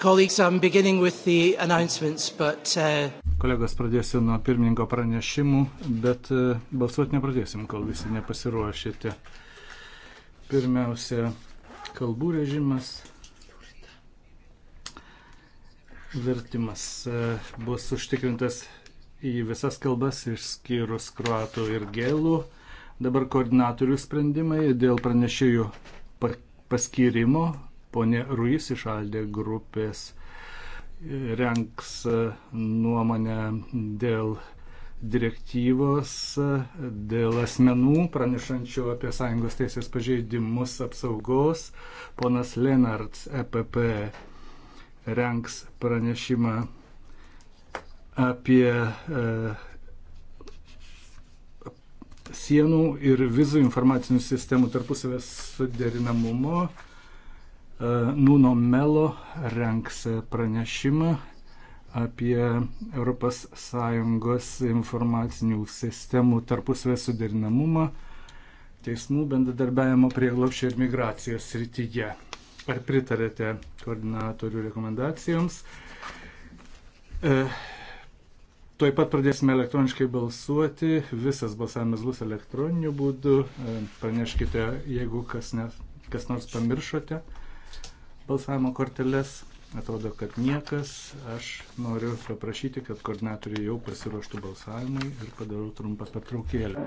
Colleagues, I'm beginning with the announcements, but... Uh... Kolegos, pradėsiu nuo pirmininko pranešimų, bet uh, balsuoti nepradėsim, kol visi nepasiruošėte. Pirmiausia, kalbų režimas. Vertimas uh, bus užtikrintas į visas kalbas išskyrus kruatų ir gėlų. Dabar koordinatorių sprendimai dėl pranešėjų paskyrimo Pone Ruiz iš Aldė grupės e, renks e, nuomonę dėl direktyvos e, dėl asmenų pranešančių apie sąjungos teisės pažeidimus apsaugos. Ponas Lenarts EPP renks pranešimą apie e, sienų ir vizų informacinių sistemų tarpusavės suderinamumo Nuno Melo renks pranešimą apie ES informacinių sistemų tarpusvę suderinamumą teismų bendradarbiavimo prieglopščio ir migracijos srityje. Ar pritarėte koordinatorių rekomendacijoms? E, Tuoj pat pradėsime elektroniškai balsuoti. Visas balsavimas bus elektroniniu būdu. E, praneškite, jeigu kas, ne, kas nors pamiršote balsavimo korteles. Atrodo, kad niekas. Aš noriu paprašyti, kad koordinatoriai jau pasiruoštų balsavimui ir padarau trumpą pertraukėlę.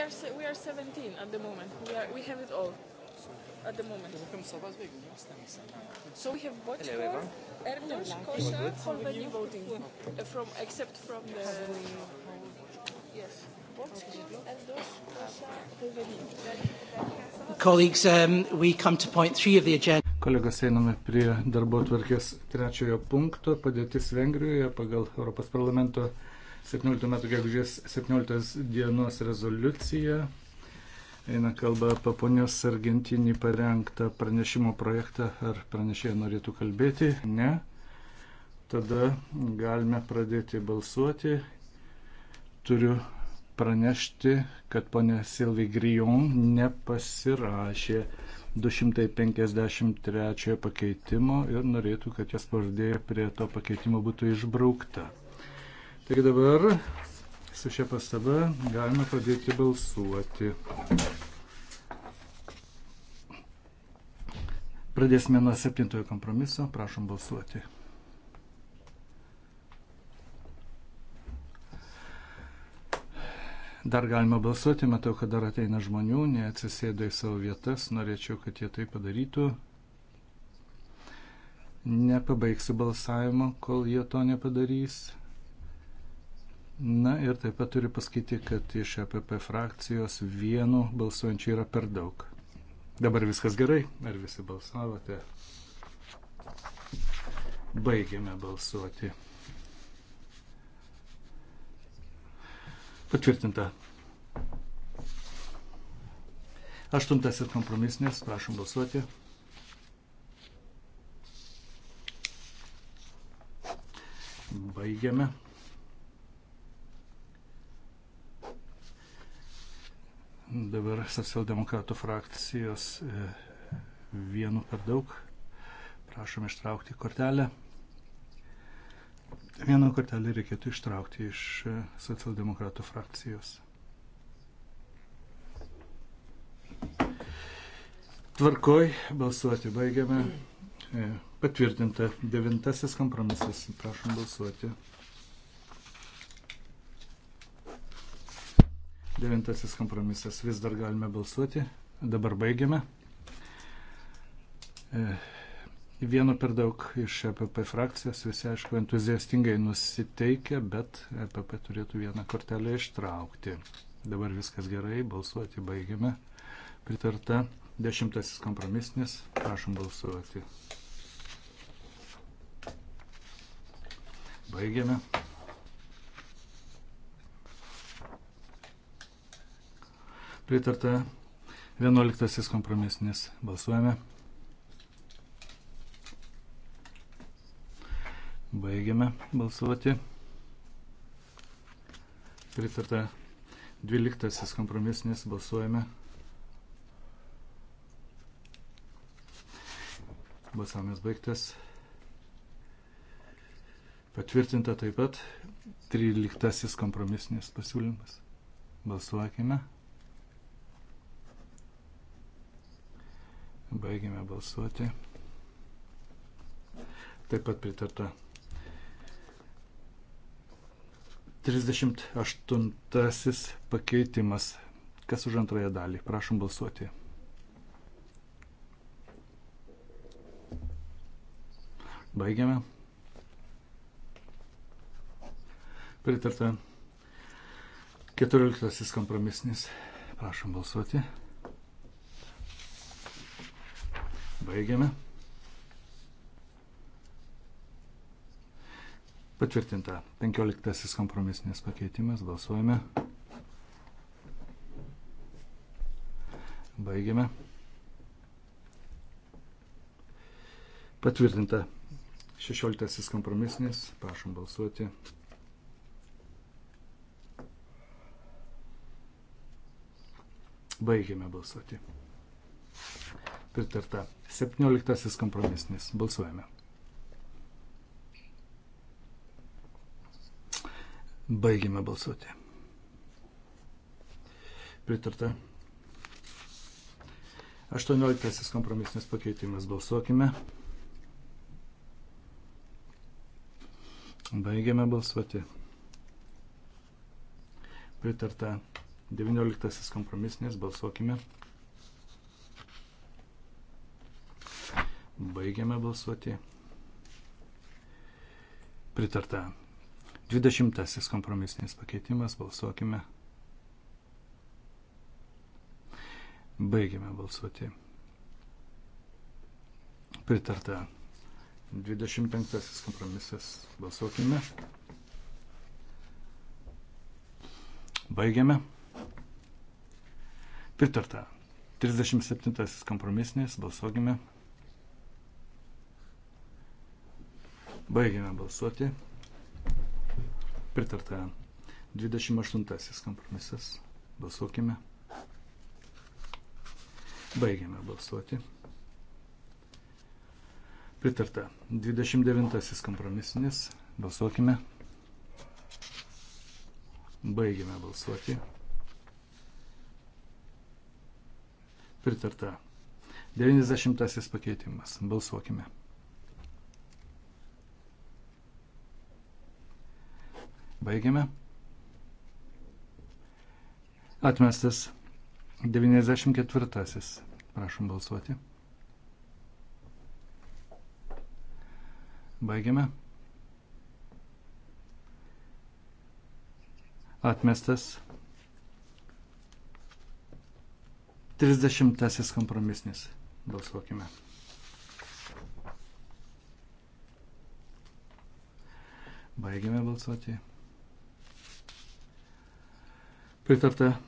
we are we are 17 at the moment. We are we have it all at the moment. So we have Bochkor, Erdős, Kosha for the new voting uh, from except from the yes. Colleagues, um, we come to point three of the agenda. Kolegos, einame prie darbo tvarkės trečiojo punkto, padėtis Vengrijoje pagal Europos parlamento uh, 17 metų gegužės 17 dienos rezoliucija. Eina kalba apie ponios Argentinį parengtą pranešimo projektą. Ar pranešėja norėtų kalbėti? Ne. Tada galime pradėti balsuoti. Turiu pranešti, kad ponė Silvi Grijon nepasirašė 253 pakeitimo ir norėtų, kad jos pavardė prie to pakeitimo būtų išbraukta. Taigi dabar su šia pastaba galima pradėti balsuoti. Pradėsime nuo septintojo kompromiso. Prašom balsuoti. Dar galima balsuoti, matau, kad dar ateina žmonių, neatsisėdo į savo vietas, norėčiau, kad jie tai padarytų. Nepabaigsiu balsavimo, kol jie to nepadarys. Na ir taip pat turiu pasakyti, kad iš EPP frakcijos vienu balsuojančiu yra per daug. Dabar viskas gerai? Ar visi balsavote? Baigiame balsuoti. Patvirtinta. Aštuntas ir kompromisinės. Prašom balsuoti. Baigiame. Dabar socialdemokratų frakcijos e, vienu per daug. Prašom ištraukti kortelę. Vieną kortelę reikėtų ištraukti iš e, socialdemokratų frakcijos. Tvarkoj, balsuoti baigiame. E, patvirtinta devintasis kompromisas. Prašom balsuoti. Devintasis kompromisas vis dar galime balsuoti. Dabar baigiame. E, Vienu per daug iš EPP frakcijos, visi aišku entuziastingai nusiteikia, bet EPP turėtų vieną kortelę ištraukti. Dabar viskas gerai, balsuoti baigiame. Pritarta. Dešimtasis kompromisnis. Prašom balsuoti. Baigiame. pritarta 11 kompromisinis. Balsuojame. Baigiame balsuoti. Pritarta 12 kompromisinis. Balsuojame. Balsavimas baigtas. Patvirtinta taip pat 13 kompromisinis pasiūlymas. Balsuokime. Baigime balsuoti. Taip pat pritarta. 38 pakeitimas. Kas už antrąją dalį? Prašom balsuoti. Baigiame. Pritarta. 14 kompromisnis. Prašom balsuoti. Baigiame. Patvirtinta. 15 kompromisinės pakeitimas. Balsuojame. Baigiame. Patvirtinta. 16 kompromisinės. Prašom balsuoti. Baigiame balsuoti pritarta. 17 kompromisinis. Balsuojame. Baigime balsuoti. Pritarta. 18 kompromisinis pakeitimas. Balsuokime. Baigiame balsuoti. Pritarta. 19 kompromisinis. Balsuokime. Baigiame balsuoti. Pritarta. 20 kompromisinis pakeitimas. Balsuokime. Baigiame balsuoti. Pritarta. 25 kompromisas. Balsuokime. Baigiame. Pritarta. 37 kompromisinis. Balsuokime. Baigėme balsuoti. Pritarta 28 kompromisas. Balsuokime. Baigėme balsuoti. Pritarta 29 kompromisinis. Balsuokime. Baigėme balsuoti. Pritarta 90 pakeitimas. Balsuokime. Baigiame. Atmestas 94. Prašom balsuoti. Baigiame. Atmestas 30. kompromisnis. Balsuokime. Baigiame balsuoti. Pritarta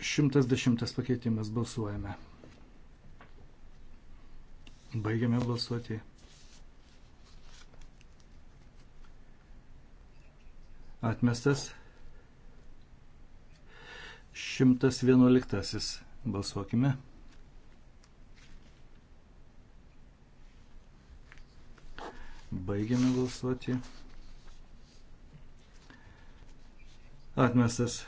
110 pakeitimas balsuojame. Baigiame balsuoti. Atmestas 111. Balsuokime. Baigiame balsuoti. atmestas.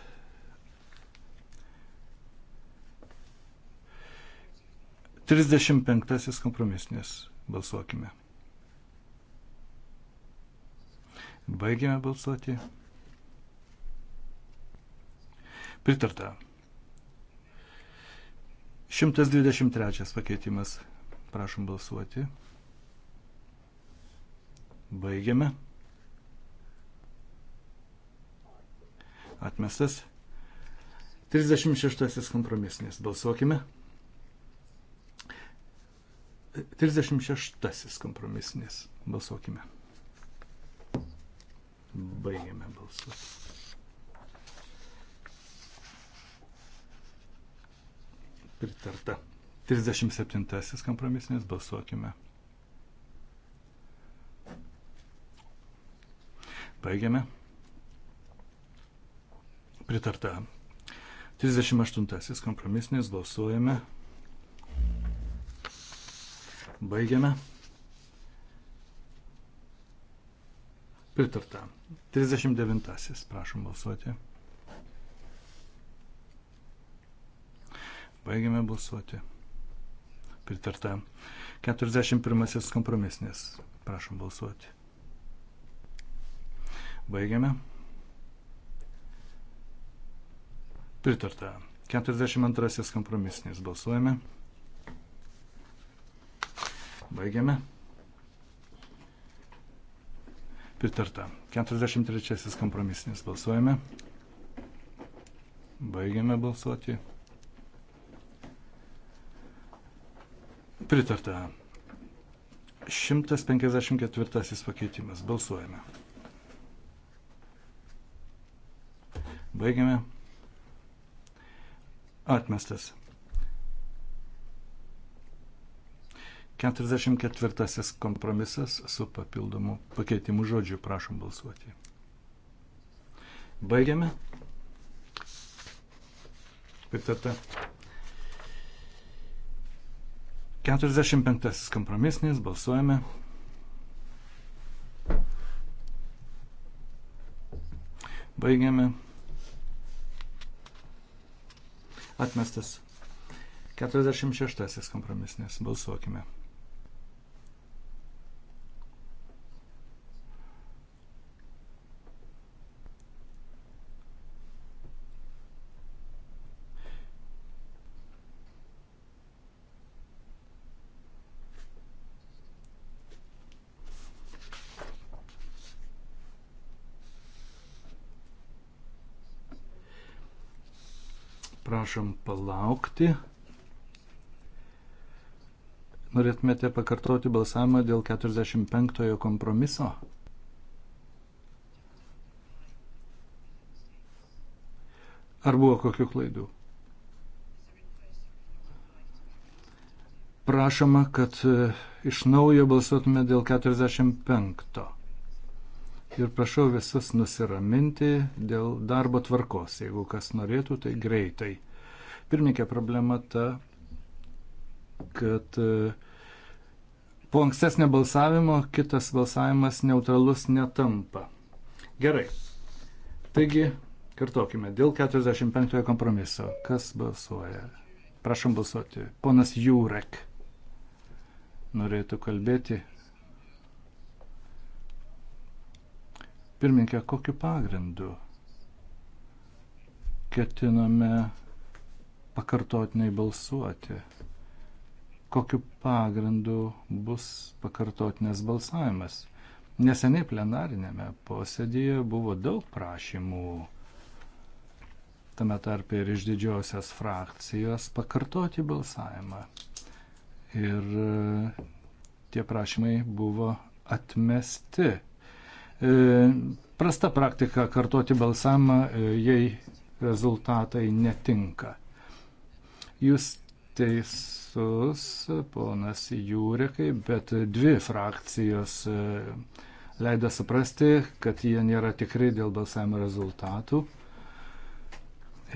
Trisdešimt penktasis kompromisinis. Balsuokime. Baigėme balsuoti. Pritarta. 123 pakeitimas. Prašom balsuoti. Baigiame. atmestas. 36 kompromisinis. Balsuokime. 36 kompromisinis. Balsuokime. Baigiame balsuoti. Pritarta. 37 kompromisinis. Balsuokime. Baigiame pritarta. 38 kompromisinis balsuojame. Baigiame. Pritarta. 39. Prašom balsuoti. Baigiame balsuoti. Pritarta. 41. Kompromisnis. Prašom balsuoti. Baigiame. Pritarta. 42 kompromisinis. Balsuojame. Baigiame. Pritarta. 43 kompromisinis. Balsuojame. Baigiame balsuoti. Pritarta. 154 pakeitimas. Balsuojame. Baigiame. Atmestas. 44 kompromisas su papildomu pakeitimu žodžiu. Prašom balsuoti. Baigiame. Pritarta. 45 kompromisnis. Balsuojame. Baigiame. Atmestas. 46 kompromisinės. Balsuokime. prašom palaukti. Norėtumėte pakartoti balsavimą dėl 45 kompromiso? Ar buvo kokių klaidų? Prašoma, kad e, iš naujo balsuotume dėl 45. Ir prašau visus nusiraminti dėl darbo tvarkos. Jeigu kas norėtų, tai greitai. Pirmininkė problema ta, kad e, po ankstesnio balsavimo kitas balsavimas neutralus netampa. Gerai. Taigi, kartokime, dėl 45 kompromiso. Kas balsuoja? Prašom balsuoti. Ponas Jurek norėtų kalbėti. Pirminkė, kokiu pagrindu ketiname pakartotinai balsuoti? Kokiu pagrindu bus pakartotinės balsavimas? Neseniai plenarinėme posėdėje buvo daug prašymų, tame tarpe ir iš didžiosios frakcijos, pakartoti balsavimą. Ir e, tie prašymai buvo atmesti. E, prasta praktika kartoti balsavimą, e, jei rezultatai netinka. Jūs teisus, ponas Jūrikai, bet dvi frakcijos e, leido suprasti, kad jie nėra tikri dėl balsavimo rezultatų.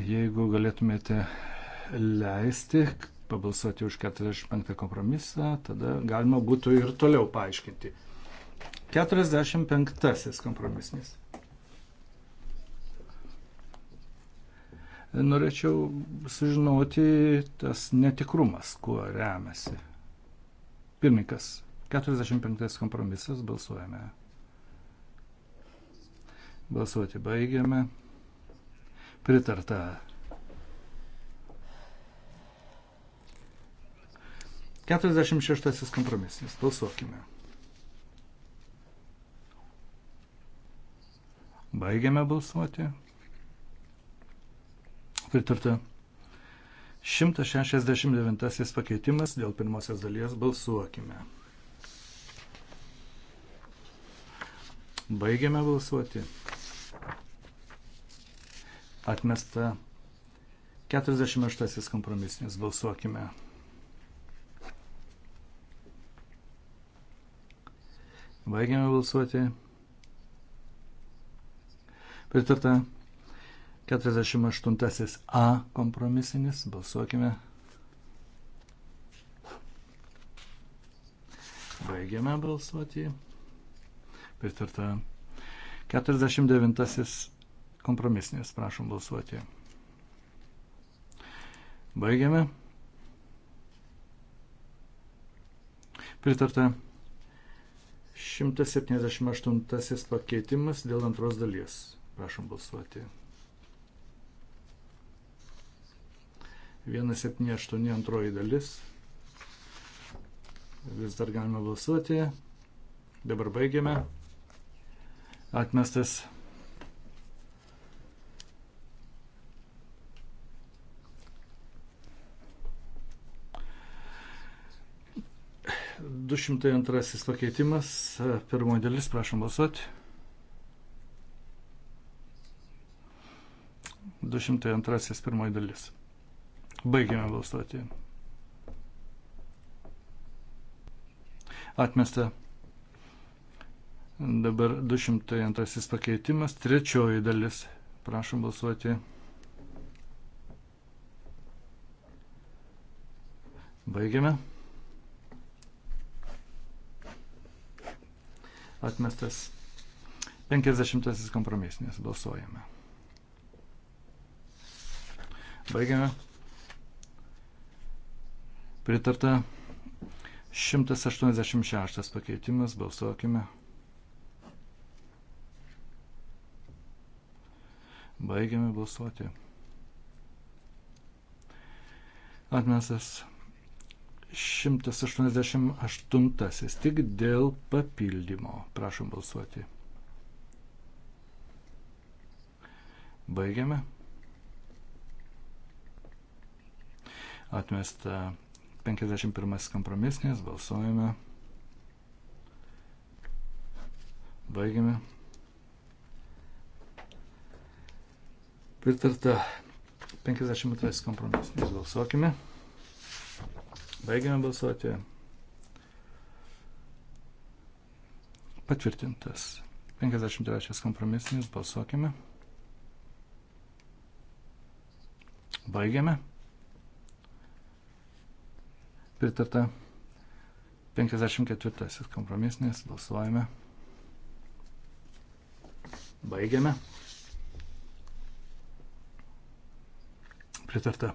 Jeigu galėtumėte leisti pabalsuoti už 45 kompromisą, tada galima būtų ir toliau paaiškinti. 45 kompromisnis. Norėčiau sužinoti tas netikrumas, kuo remiasi. Pirmininkas, 45 kompromisas, balsuojame. Balsuoti baigiame. Pritarta. 46 kompromisas. Balsuokime. Baigiame balsuoti. Pritarta. 169 pakeitimas dėl pirmosios dalies balsuokime. Baigiame balsuoti. Atmesta 48 kompromisinis balsuokime. Baigiame balsuoti. Pritarta 48 A kompromisinis. Balsuokime. Baigiame balsuoti. Pritarta. 49 kompromisinis. Prašom balsuoti. Baigiame. Pritarta. 178 pakeitimas dėl antros dalies. Prašom balsuoti. 178 antroji dalis. Vis dar galime balsuoti. Dabar baigiame. Atmestas. Du šimtai antrasis pakeitimas. Pirmoji dalis, prašom balsuoti. 202 pirmoji dalis. Baigiame balsuoti. Atmesta. Dabar 202 pakeitimas, trečioji dalis. Prašom balsuoti. Baigiame. Atmestas 50 kompromisinis. Balsuojame. Baigiame. Pritarta 186 pakeitimas, balsuokime. Baigiame balsuoti. Atmestas 188 tik dėl papildymo. Prašom balsuoti. Baigiame. Atmesta 51 kompromisnis, balsuojame. Baigiame. Pritarta 52 kompromisnis, balsuokime. Baigiame balsuoti. Patvirtintas 53 kompromisinis, balsuokime. Baigiame pritarta. 54 kompromisinės, balsuojame. Baigiame. Pritarta.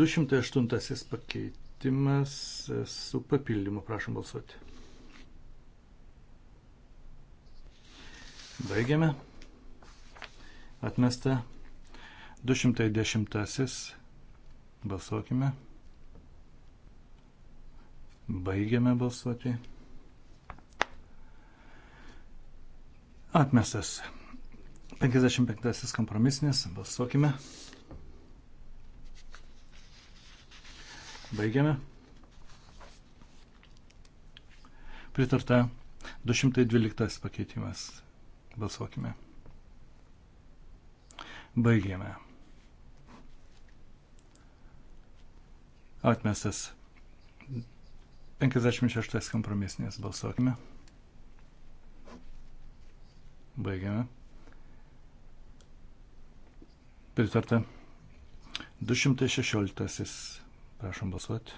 208 pakeitimas e, su papildymu, prašom balsuoti. Baigiame. Atmesta 210 Balsuokime. Baigiame balsuoti. Atmestas. 55 kompromisinis. Balsuokime. Baigiame. Pritarta 212 pakeitimas. Balsuokime. Baigiame. Atmestas. 56 kompromisinės balsuokime. Baigiame. Pritarta. 216. Prašom balsuoti.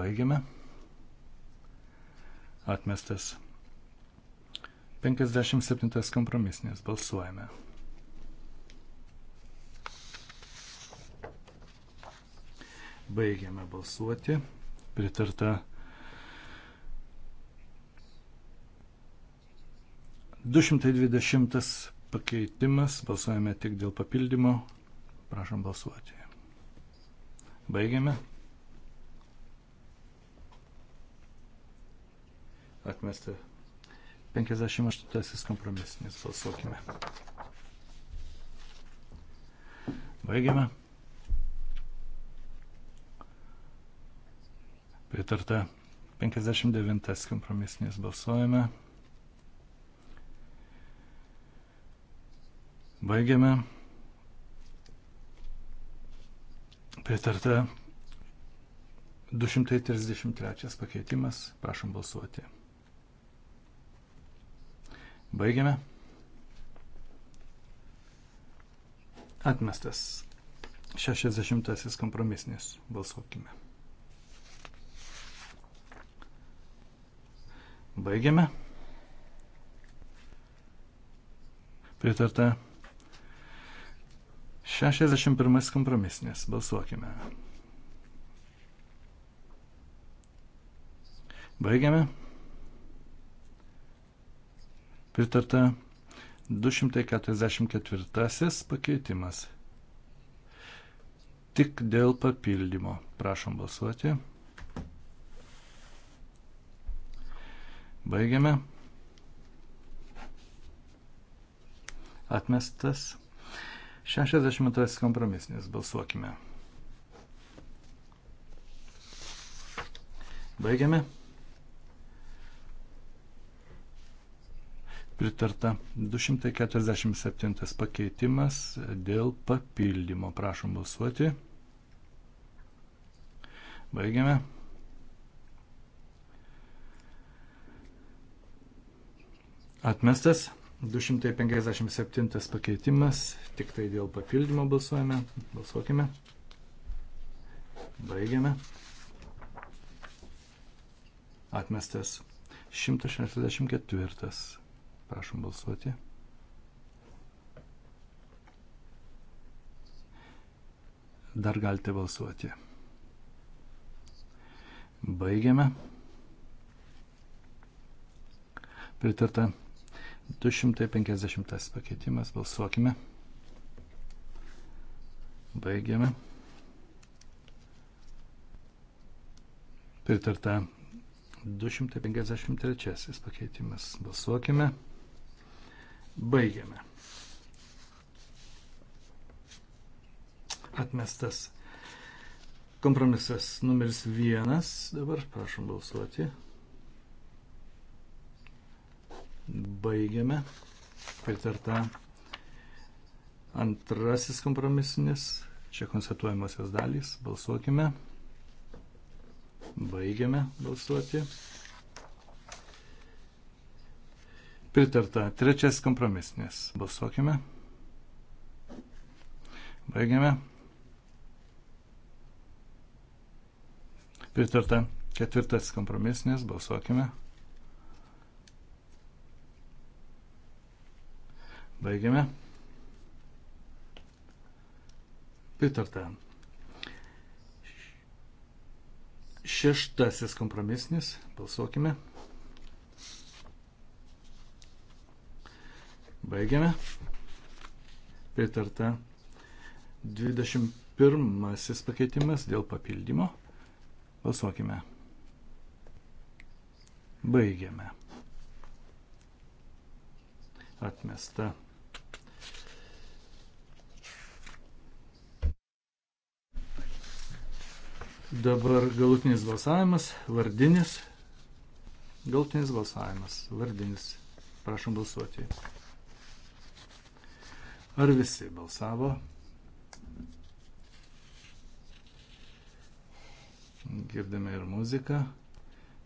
Baigiame. Atmestas. 57 kompromisinės balsuojame. Baigiame balsuoti. Pritarta 220 pakeitimas. Balsuojame tik dėl papildymo. Prašom balsuoti. Baigiame. Atmesta 58 kompromisinis balsuokime. Baigiame. Pritarta 59 kompromisinis balsuojame. Baigiame. Pritarta 233 pakeitimas. Prašom balsuoti. Baigiame. Atmestas. 60 kompromisinis. Balsuokime. Baigiame. Pritarta. 61 kompromisinis. Balsuokime. Baigiame pritarta 244 pakeitimas. Tik dėl papildymo. Prašom balsuoti. Baigiame. Atmestas. 62 kompromisinis. Balsuokime. Baigiame. Pritarta 247 pakeitimas dėl papildymo. Prašom balsuoti. Baigiame. Atmestas 257 pakeitimas, tik tai dėl papildymo balsuojame. Balsuokime. Baigiame. Atmestas 164. Prašom balsuoti. Dar galite balsuoti. Baigiame. Pritarta 250 pakeitimas. Balsuokime. Baigiame. Pritarta 253 pakeitimas. Balsuokime. Baigiame. Atmestas kompromisas numeris vienas. Dabar prašom balsuoti. Baigiame. Pritarta antrasis kompromisinis. Čia konstatuojamosios dalys. Balsuokime. Baigiame balsuoti. Pritarta. Trečias kompromisnis. Balsuokime. Baigiame. Pritarta. Ketvirtas kompromisnis. Balsuokime. Baigiame. Pritarta. Šeštasis kompromisnis. Balsuokime. Balsuokime. Baigiame. Pritarta 21 pakeitimas dėl papildymo. Balsuokime. Baigiame. Atmesta. Dabar galutinis balsavimas, vardinis. Galutinis balsavimas, vardinis. Prašom balsuoti. Ar visi balsavo? Girdime ir muziką.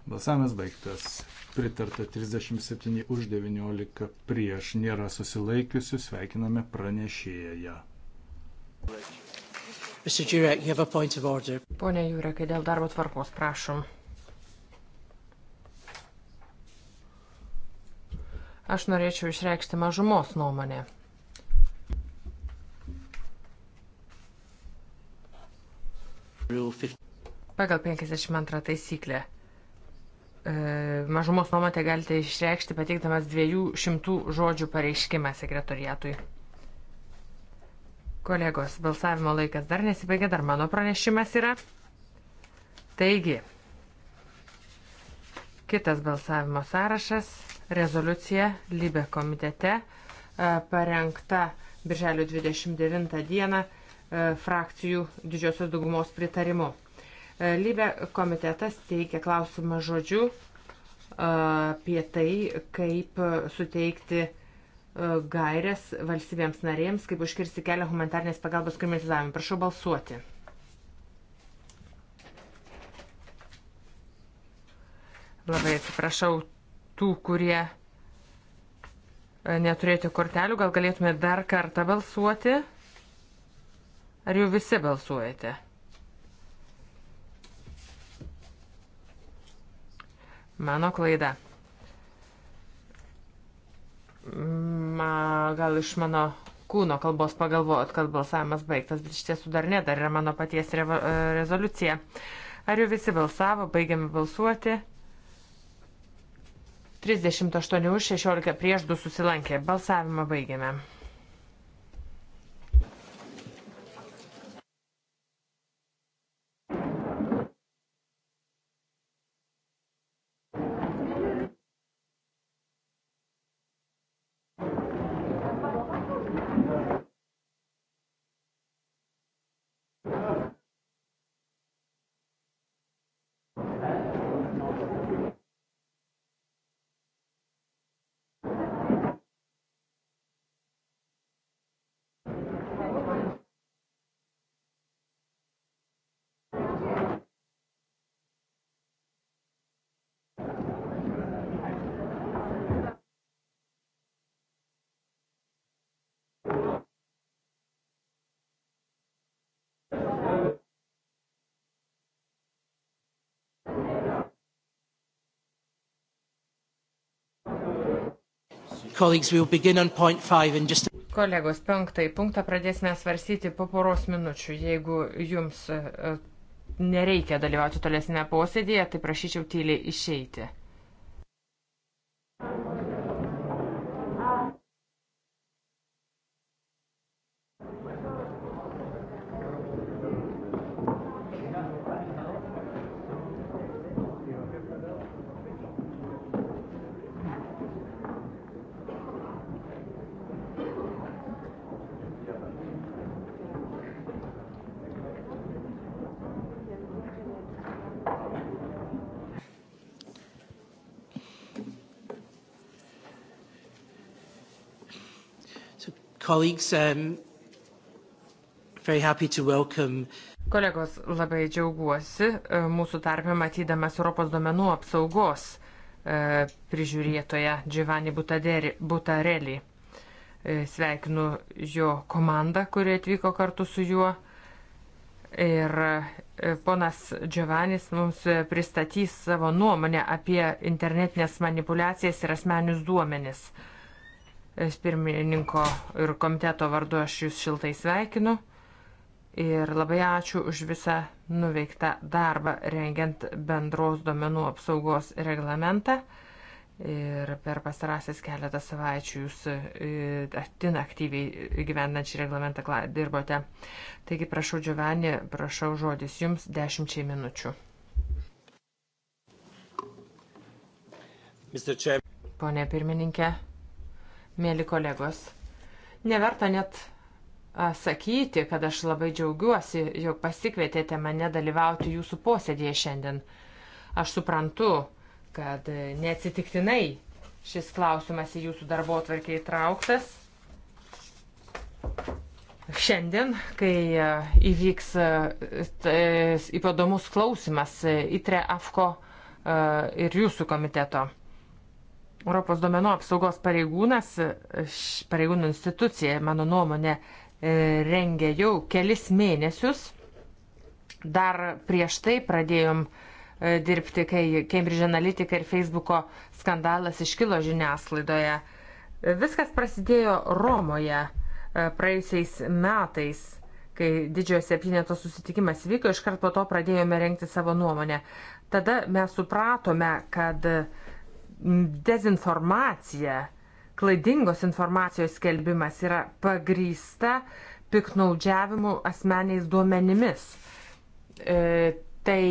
Balsavimas baigtas. Pritarta 37 už 19 prieš. Nėra susilaikiusių. Sveikiname pranešėją. Pone Jurekai, dėl darbo tvarkos prašom. Aš norėčiau išreikšti mažumos nuomonę. Pagal 52 taisyklę e, mažumos nuomonę galite išreikšti pateikdamas 200 žodžių pareiškimą sekretoriatui. Kolegos, balsavimo laikas dar nesibaigė, dar mano pranešimas yra. Taigi, kitas balsavimo sąrašas - rezoliucija Libė komitete e, parengta Birželio 29 dieną E, frakcijų didžiosios daugumos pritarimu. E, Lybė komitetas teikia klausimą žodžiu e, apie tai, kaip suteikti gairias valstybėms narėms, kaip užkirsti kelią humanitarnės pagalbos kriminalizavimui. Prašau balsuoti. Labai atsiprašau tų, kurie neturėti kortelių, gal galėtume dar kartą balsuoti. Ar jau visi balsuojate? Mano klaida. Ma, gal iš mano kūno kalbos pagalvojot, kad balsavimas baigtas, bet iš tiesų dar ne, dar yra mano paties revo, e, rezoliucija. Ar jau visi balsavo, baigiame balsuoti? 38 už 16 prieš 2 susilankė. Balsavimą baigiame. Colleagues, we'll begin on point five in just Kolegos, penktąjį punktą pradėsime svarstyti po poros minučių. Jeigu jums e, e, nereikia dalyvauti tolesnėme posėdėje, tai prašyčiau tyliai išeiti. Colleagues, um, very happy to welcome. Kolegos, labai džiaugiuosi e, mūsų tarpę matydamas Europos duomenų apsaugos e, prižiūrėtoją Giovanni Butarelį. E, sveikinu jo komandą, kurie atvyko kartu su juo. Ir ponas Giovannis mums pristatys savo nuomonę apie internetinės manipulacijas ir asmenius duomenis. Uh, Pirmininko ir komiteto vardu aš jūs šiltai sveikinu ir labai ačiū už visą nuveiktą darbą rengiant bendros domenų apsaugos reglamentą. Ir per pastarąsias keletą savaičių jūs e, atin aktyviai gyvenant šį reglamentą dirbote. Taigi prašau, Giovanni, prašau žodis jums dešimčiai minučių. Pone pirmininkė, mėly kolegos. Neverta net sakyti, kad aš labai džiaugiuosi, jog pasikvietėte mane dalyvauti jūsų posėdėje šiandien. Aš suprantu, kad neatsitiktinai šis klausimas į jūsų darbo atvarkį įtrauktas. Šiandien, kai įvyks e, įpadomus klausimas e, ITRE AFKO ir jūsų komiteto. Europos domenų apsaugos pareigūnas, pareigūnų institucija, mano nuomonė, e, rengia jau kelis mėnesius. Dar prieš tai pradėjom e, dirbti, kai Cambridge Analytica ir Facebook'o skandalas iškilo žiniasklaidoje. E, viskas prasidėjo Romoje praėjusiais metais, kai didžiojo septyneto susitikimas vyko, iškart po to pradėjome renkti savo nuomonę. Tada mes supratome, kad uh, dezinformacija, klaidingos informacijos skelbimas yra pagrįsta piknaudžiavimu asmeniais duomenimis. E, tai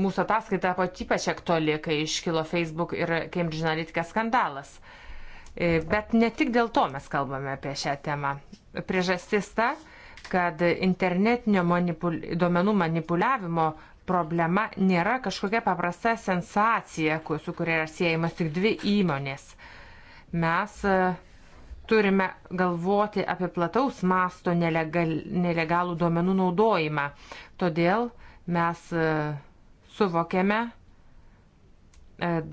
mūsų ataskaita pat ypač aktuali, kai iškilo Facebook ir Cambridge Analytica skandalas. E, bet ne tik dėl to mes kalbame apie šią temą. Priežastis ta, kad internetinio manipul duomenų manipuliavimo problema nėra kažkokia paprasta sensacija, su kuria yra siejamas tik dvi įmonės. Mes e, turime galvoti apie plataus masto nelegal, nelegalų duomenų naudojimą. Todėl mes e, suvokiame e,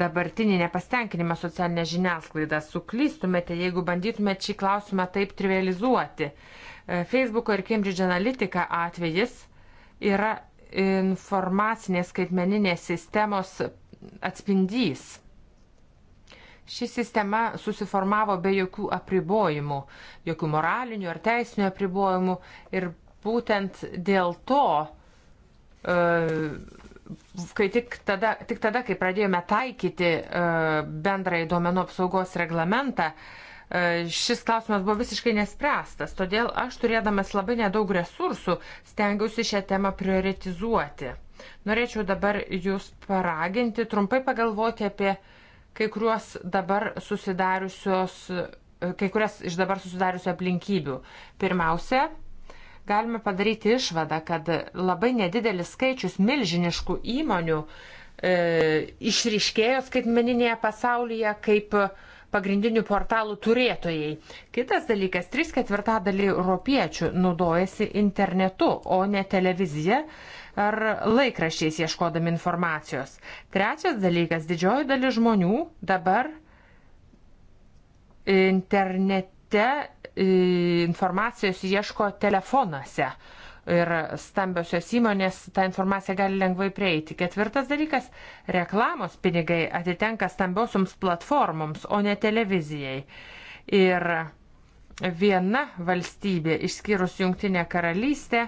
dabartinį nepastenkinimą socialinę žiniasklaidą. Suklystumėte, jeigu bandytumėte šį klausimą taip trivializuoti. Facebooko ir Cambridge Analytica atvejis yra informacinės skaitmeninės sistemos atspindys. Ši sistema susiformavo be jokių apribojimų, jokių moralinių ar teisinių apribojimų ir būtent dėl to, e, kai tik tada, tik tada kai pradėjome taikyti e, bendrąjį duomenų apsaugos reglamentą, E, šis klausimas buvo visiškai nespręstas, todėl aš turėdamas labai nedaug resursų stengiausi šią temą prioritizuoti. Norėčiau dabar jūs paraginti trumpai pagalvoti apie kai kuriuos dabar susidariusios, e, kai kurias iš dabar susidariusių aplinkybių. Pirmiausia, galime padaryti išvadą, kad labai nedidelis skaičius milžiniškų įmonių e, išriškėjo skaitmeninėje pasaulyje kaip e, pagrindinių portalų turėtojai. Kitas dalykas, 3 ketvirtadalį europiečių naudojasi internetu, o ne televizija ar laikraščiais ieškodami informacijos. Trečias dalykas, didžioji dalis žmonių dabar internete informacijos ieško telefonuose ir stambiosios įmonės tą informaciją gali lengvai prieiti. Ketvirtas dalykas - reklamos pinigai atitenka stambiosioms platformoms, o ne televizijai. Ir viena valstybė, išskyrus Junktinė karalystė,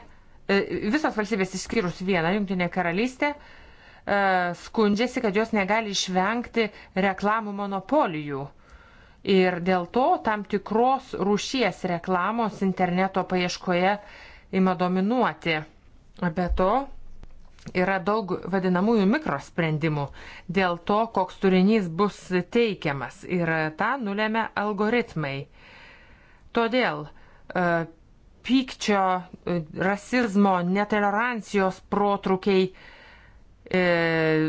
e, visos valstybės išskyrus vieną Junktinė karalystė, e, skundžiasi, kad jos negali išvengti reklamų monopolijų. Ir dėl to tam tikros rūšies reklamos interneto paieškoje ima dominuoti. Be to, yra daug vadinamųjų mikrosprendimų dėl to, koks turinys bus teikiamas ir tą nulėmė algoritmai. Todėl e, pykčio, e, rasizmo, netolerancijos protrukiai e,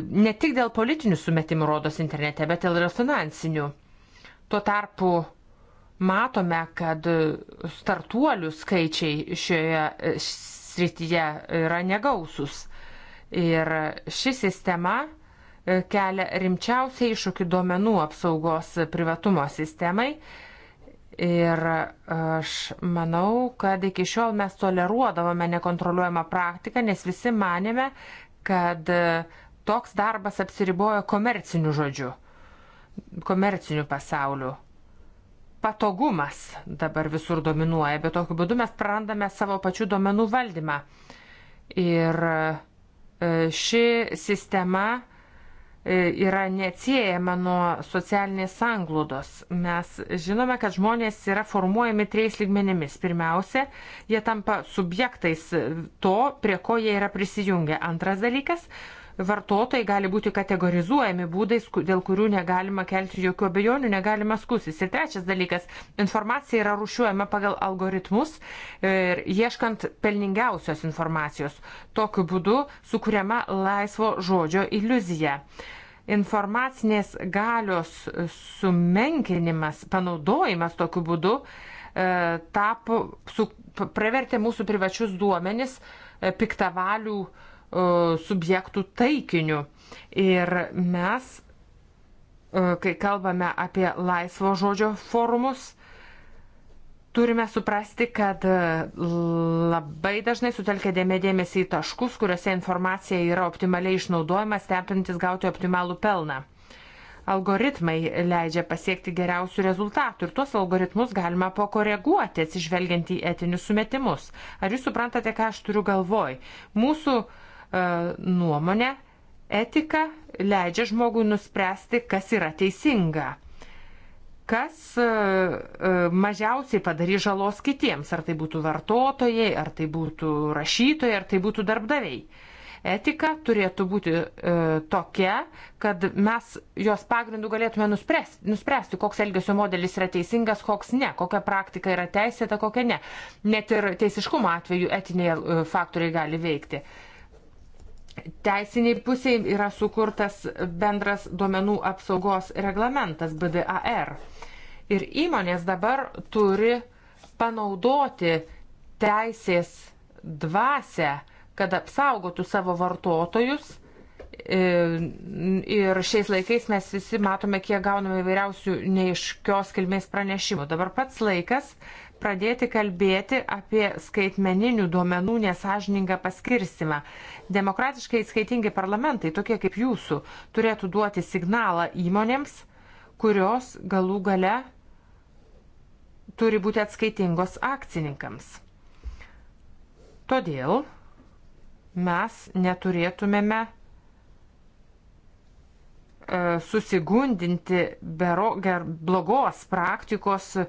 ne tik dėl politinių sumetimų rodos internete, bet ir dėl finansinių. Tuo tarpu matome, kad startuolių skaičiai šioje e, srityje yra negausus. Ir ši sistema e, kelia rimčiausiai iššūkį duomenų apsaugos privatumo sistemai. Ir e, aš manau, kad iki šiol mes toleruodavome nekontroliuojamą praktiką, nes visi manėme, kad toks darbas apsiribojo komerciniu žodžiu, komerciniu pasauliu patogumas dabar visur dominuoja, bet tokiu būdu mes prarandame savo pačių duomenų valdymą. Ir e, ši sistema e, yra neatsiejama nuo socialinės sanglūdos. Mes žinome, kad žmonės yra formuojami trejais lygmenimis. Pirmiausia, jie tampa subjektais to, prie ko jie yra prisijungę. Antras dalykas, vartotojai gali būti kategorizuojami būdais, dėl kurių negalima kelti jokių abejonių, negalima skusis. Ir trečias dalykas - informacija yra rušiuojama pagal algoritmus ir ieškant pelningiausios informacijos. Tokiu būdu sukuriama laisvo žodžio iliuzija. Informacinės galios sumenkinimas, panaudojimas tokiu būdu e, tapo, su, pravertė mūsų privačius duomenis e, piktavalių uh, E, subjektų taikiniu. Ir mes, e, kai kalbame apie laisvo žodžio forumus, turime suprasti, kad e, labai dažnai sutelkia dėmesį į taškus, kuriuose informacija yra optimaliai išnaudojama, stepintis gauti optimalų pelną. Algoritmai leidžia pasiekti geriausių rezultatų ir tuos algoritmus galima pakoreguoti atsižvelgiant į etinius sumetimus. Ar jūs suprantate, ką aš turiu galvoj? Mūsų uh, E, nuomonę, etika leidžia žmogui nuspręsti, kas yra teisinga, kas e, e, mažiausiai padarys žalos kitiems, ar tai būtų vartotojai, ar tai būtų rašytojai, ar tai būtų darbdaviai. Etika turėtų būti e, tokia, kad mes jos pagrindų galėtume nuspręsti, nuspręsti, koks elgesio modelis yra teisingas, koks ne, kokia praktika yra teisėta, kokia ne. Net ir teisiškumo atveju etiniai e, faktoriai gali veikti. E, teisiniai pusiai yra sukurtas bendras duomenų apsaugos reglamentas BDAR. Ir įmonės dabar turi panaudoti teisės dvasę, kad apsaugotų savo vartotojus. E, ir šiais laikais mes visi matome, kiek gauname įvairiausių neiškios kilmės pranešimų. Dabar pats laikas pradėti kalbėti apie skaitmeninių duomenų nesažiningą paskirstimą. Demokratiškai atskaitingi parlamentai, tokie kaip jūsų, turėtų duoti signalą įmonėms, kurios galų gale turi būti atskaitingos akcininkams. Todėl mes neturėtumėme e, susigundinti bero, ger, blogos praktikos uh,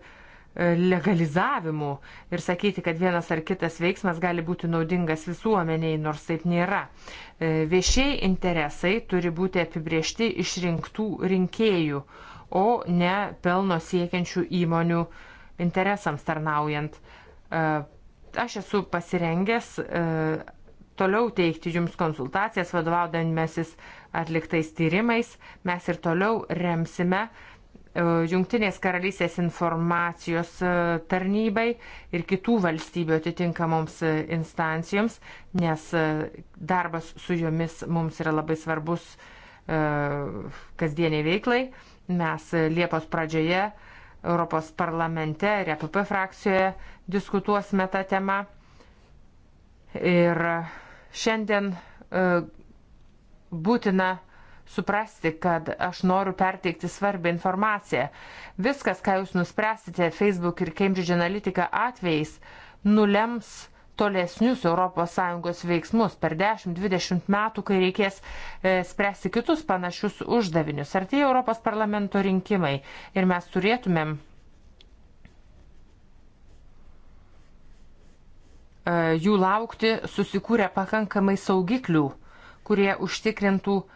legalizavimu ir sakyti, kad vienas ar kitas veiksmas gali būti naudingas visuomeniai, nors taip nėra. E, viešiai interesai turi būti apibriešti išrinktų rinkėjų, o ne pelno siekiančių įmonių interesams tarnaujant. E, aš esu pasirengęs e, toliau teikti jums konsultacijas, vadovaudamiasis atliktais tyrimais. Mes ir toliau remsime uh, E, Junktinės karalystės informacijos e, tarnybai ir kitų valstybių atitinkamoms e, instancijoms, nes darbas su jomis mums yra labai svarbus kasdieniai veiklai. Mes Liepos pradžioje Europos parlamente ir EPP frakcijoje diskutuosime tą temą. Ir šiandien būtina suprasti, kad aš noriu perteikti svarbią informaciją. Viskas, ką jūs nuspręsite Facebook ir Cambridge Analytica atvejais, nulems tolesnius ES veiksmus per 10-20 metų, kai reikės e, spręsti kitus panašius uždavinius. Ar tai Europos parlamento rinkimai ir mes turėtumėm e, jų laukti susikūrę pakankamai saugiklių, kurie užtikrintų e,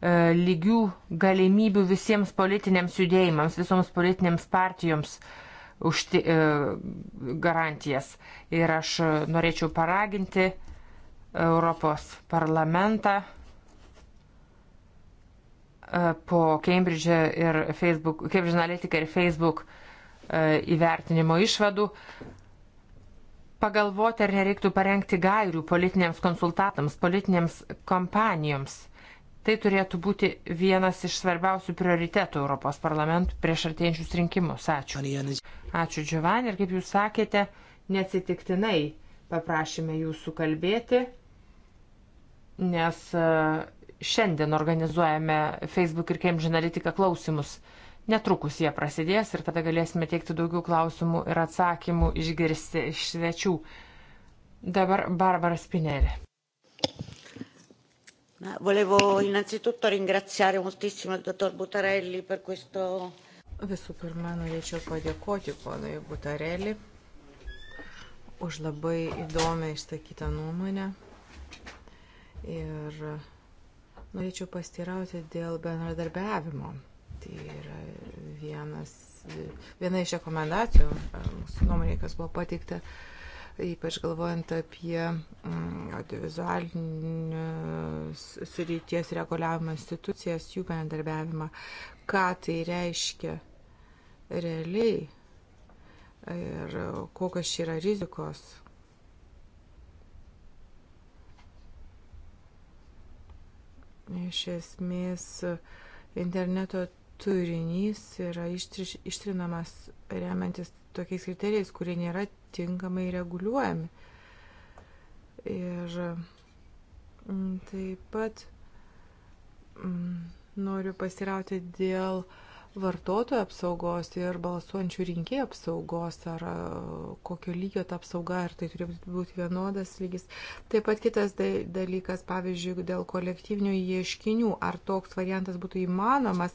E, lygių galimybių visiems politiniams judėjimams, visoms politinėms partijoms užti, e, garantijas. Ir aš norėčiau paraginti Europos parlamentą e, po Cambridge ir Facebook, Cambridge Analytica ir Facebook įvertinimo išvadų pagalvoti, ar nereiktų parengti gairių politiniams konsultatams, politinėms kompanijoms Tai turėtų būti vienas iš svarbiausių prioritetų Europos parlamentų prieš artėjančius rinkimus. Ačiū. Ačiū, Giovanni. Ir kaip jūs sakėte, neatsitiktinai paprašėme jūsų kalbėti, nes e, šiandien organizuojame Facebook ir Cambridge Analytica klausimus. Netrukus jie prasidės ir tada galėsime teikti daugiau klausimų ir atsakymų išgirsti iš svečių. Dabar Barbara Spinelė. Eh, volevo innanzitutto ringraziare moltissimo il dottor Butarelli per questo. Visų pirma, norėčiau padėkoti ponui Butarelli už labai įdomią išsakytą nuomonę. Ir norėčiau pastirauti dėl bendradarbiavimo. Tai yra vienas, viena iš rekomendacijų mūsų nuomonė, kas buvo pateikta. Uh, ypač galvojant apie mm, audiovizualinius srities reguliavimo institucijas, jų bendarbiavimą. Ką tai reiškia realiai ir kokios čia yra rizikos. Iš esmės, interneto turinys yra ištrinamas remiantis tokiais kriterijais, kurie nėra tinkamai reguliuojami. Ir mm, taip pat mm, noriu pasirauti dėl uh, vartotojų apsaugos ir balsuojančių rinkėjų apsaugos, ar kokio lygio ta apsauga, ar tai turi būti vienodas lygis. Taip pat kitas dalykas, pavyzdžiui, dėl kolektyvinių ieškinių, ar toks variantas būtų įmanomas,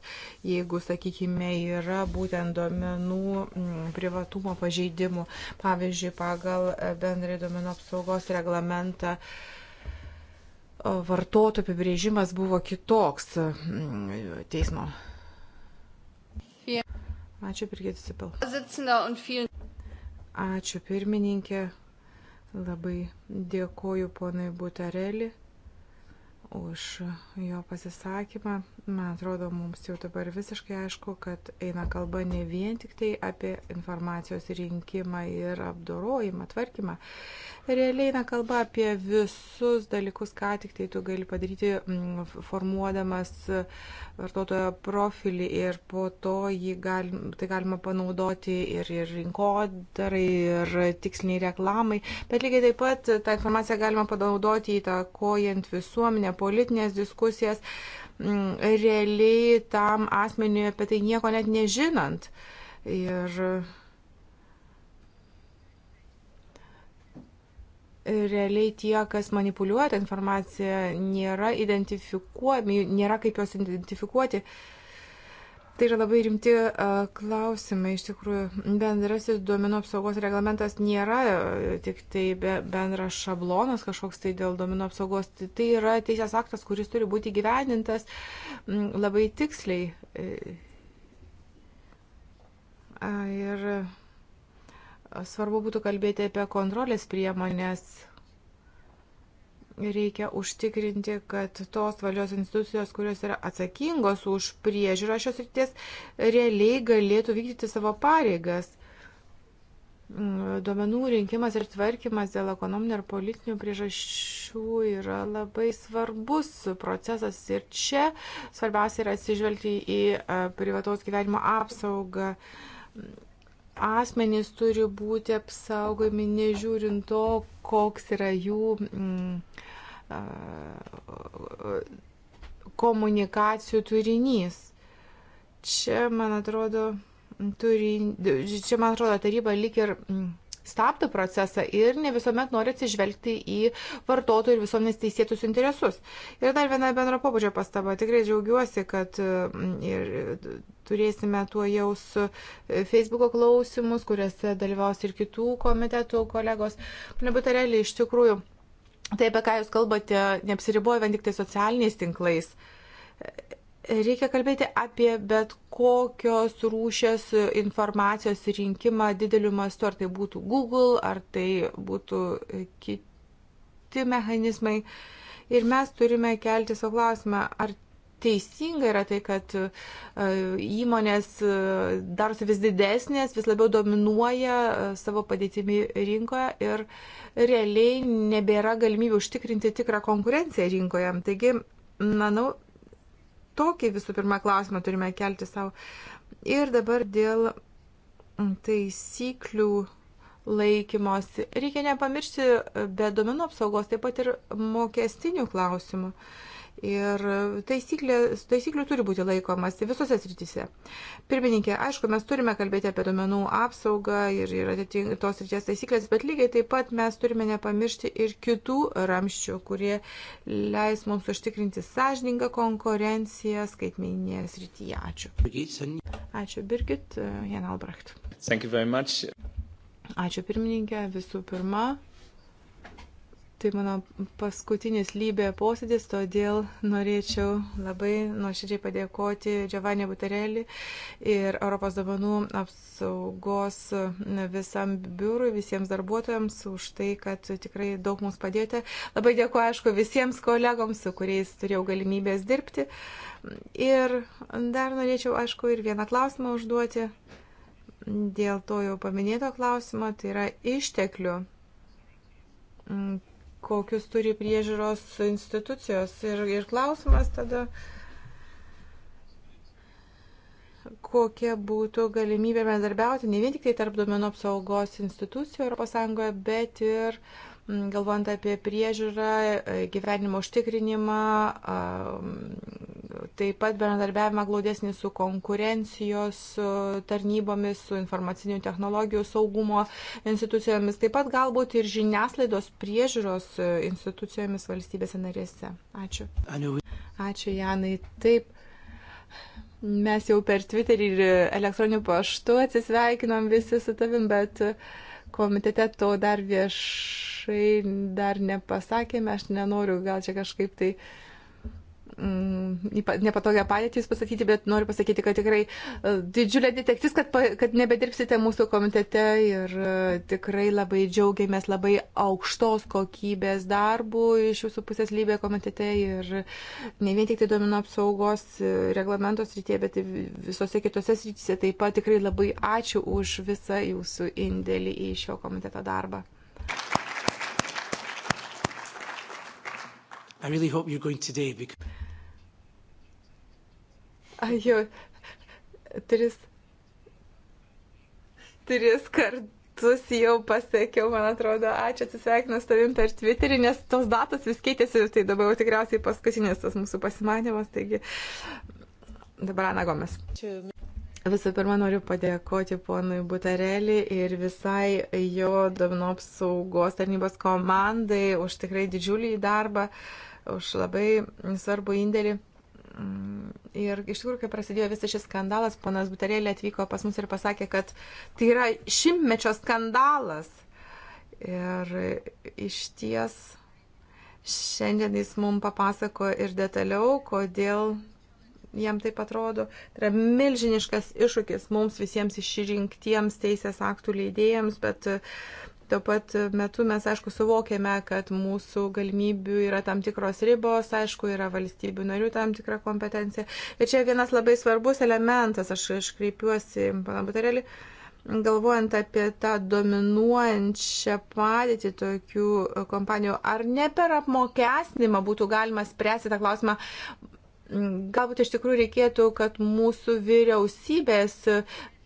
jeigu, sakykime, yra būtent duomenų mm, privatumo pažeidimų, pavyzdžiui, pagal e, bendrai duomenų apsaugos reglamentą vartotojų apibrėžimas buvo kitoks mm, teismo Ačiū, Birgit Sipel. Ačiū, pirmininkė. Labai dėkoju ponui Butarelį už jo pasisakymą. Man atrodo, mums jau dabar visiškai aišku, kad eina kalba ne vien tik tai apie informacijos rinkimą ir apdorojimą, tvarkymą. Realiai eina kalba apie visus dalykus, ką tik tai tu gali padaryti, mm, formuodamas e, vartotojo profilį ir po to jį gal, tai galima panaudoti ir, ir rinkodarai, ir tiksliniai reklamai. Bet lygiai taip pat tą informaciją galima panaudoti įtakojant visuomenę, politinės diskusijas. Uh, realiai tam asmeniui apie tai nieko net nežinant. Ir realiai tie, kas manipuliuoja tą informaciją, nėra identifikuojami, nėra kaip juos identifikuoti. Uh, Tai yra labai rimti klausimai. Iš tikrųjų, bendrasis duomenų apsaugos reglamentas nėra tik tai bendras šablonas kažkoks tai dėl duomenų apsaugos. Tai, tai yra teisės aktas, kuris turi būti gyvenintas labai tiksliai. Ir svarbu būtų kalbėti apie kontrolės priemonės reikia užtikrinti, kad tos valios institucijos, kurios yra atsakingos už priežiūrą šios ryties, realiai galėtų vykdyti savo pareigas. Mm, duomenų rinkimas ir tvarkymas dėl ekonominių ir politinių priežasčių yra labai svarbus procesas ir čia svarbiausia yra atsižvelgti į e, privataus gyvenimo apsaugą mm, asmenys turi būti apsaugomi nežiūrint to, koks yra jų mm, komunikacijų turinys. Čia, man atrodo, turi, čia, man atrodo, taryba lik ir mm, stabdo procesą ir ne visuomet nori atsižvelgti į vartotojų ir visuomenės teisėtus interesus. Ir dar viena bendro pobūdžio pastaba. Tikrai džiaugiuosi, kad mm, ir turėsime tuo jaus e, Facebook'o klausimus, kuriuose dalyvaus ir kitų komitetų kolegos. Nebūtų realiai iš tikrųjų. Tai, apie ką Jūs kalbate, neapsiriboja vien tik tai socialiniais tinklais Reikia kalbėti apie bet kokios rūšės informacijos rinkimą dideliu mastu, ar tai būtų Google, ar tai būtų kiti mechanizmai. Ir mes turime kelti savo klausimą, ar teisinga yra tai, kad e, įmonės e, darosi vis didesnės, vis labiau dominuoja e, savo padėtimi rinkoje ir realiai nebėra galimybių užtikrinti tikrą konkurenciją rinkoje. Taigi, manau, tokį visų pirma klausimą turime kelti savo. Ir dabar dėl taisyklių laikymosi. Reikia nepamiršti be domenų apsaugos taip pat ir mokestinių klausimų. Uh, Ir taisyklių turi būti laikomasi visose srityse. Pirmininkė, aišku, mes turime kalbėti apie domenų apsaugą ir, ir tos srities taisyklės, bet lygiai taip pat mes turime nepamiršti ir kitų ramščių, kurie leis mums užtikrinti sąžiningą konkurenciją skaitmeninėje srityje. Ačiū. Ačiū, Birgit Jan Albrecht. Ačiū, pirmininkė. Visų pirma, Tai mano paskutinis lybė posėdis, todėl norėčiau labai nuoširdžiai padėkoti Giovanni Buterelli ir Europos dovanų apsaugos visam biurui, visiems darbuotojams už tai, kad tikrai daug mums padėjote. Labai dėkuoju, aišku, visiems kolegoms, su kuriais turėjau galimybės dirbti. Ir dar norėčiau, aišku, ir vieną klausimą užduoti dėl to jau paminėto klausimo, tai yra išteklių kokius turi priežiūros institucijos. Ir, ir klausimas tada, kokia būtų galimybė bendarbiauti ne vien tik tai tarp duomenų apsaugos institucijų ES, bet ir uh, Mm, galvojant apie priežiūrą, e, gyvenimo užtikrinimą, mm, taip pat bendradarbiavimą glaudesnį su konkurencijos tarnybomis, su informacinių technologijų saugumo institucijomis, taip pat galbūt ir žiniaslaidos priežiūros e, institucijomis valstybėse narėse. Ačiū. Ačiū, Janai. Taip. Mes jau per Twitterį ir elektroniniu paštu atsisveikinom visi su tavim, bet uh, komitete to dar viešai dar nepasakėme, aš nenoriu gal čia kažkaip tai uh, Mm, nepatogią padėtį jūs pasakyti, bet noriu pasakyti, kad tikrai e, didžiulė detektis, kad, kad nebedirbsite mūsų komitete ir e, tikrai labai džiaugiamės labai aukštos kokybės darbų iš jūsų pusės lybė komitete ir ne vien tik tai domino apsaugos e, reglamentos rytie, bet visose kitose srityse taip pat tikrai labai ačiū už visą jūsų indėlį į šio komiteto darbą. I really hope you're going today because Ajo, tris, tris kartus jau pasakiau, man atrodo, ačiū atsisveikinu su tavim per Twitterį, nes tos datos vis keitėsi, tai dabar jau tikriausiai paskutinis tas mūsų pasimanimas, taigi dabar Ana Gomes. Ačiū. Visų pirma, noriu padėkoti ponui Butarelį ir visai jo domino apsaugos tarnybos komandai už tikrai didžiulį darbą, už labai svarbų indėlį. Mm, ir iš tikrųjų, kai prasidėjo visas šis skandalas, ponas Buterėlė atvyko pas mus ir pasakė, kad tai yra šimtmečio skandalas. Ir iš ties šiandien jis mums papasako ir detaliau, kodėl jam taip atrodo. Tai yra milžiniškas iššūkis mums visiems išrinktiems teisės aktų leidėjams, bet Tuo pat metu mes, aišku, suvokėme, kad mūsų galimybių yra tam tikros ribos, aišku, yra valstybių narių tam tikra kompetencija. Ir čia vienas labai svarbus elementas, aš iškreipiuosi, pana Butarelį, galvojant apie tą dominuojančią padėtį tokių kompanijų, ar ne per apmokestinimą būtų galima spręsti tą klausimą, galbūt iš tikrųjų reikėtų, kad mūsų vyriausybės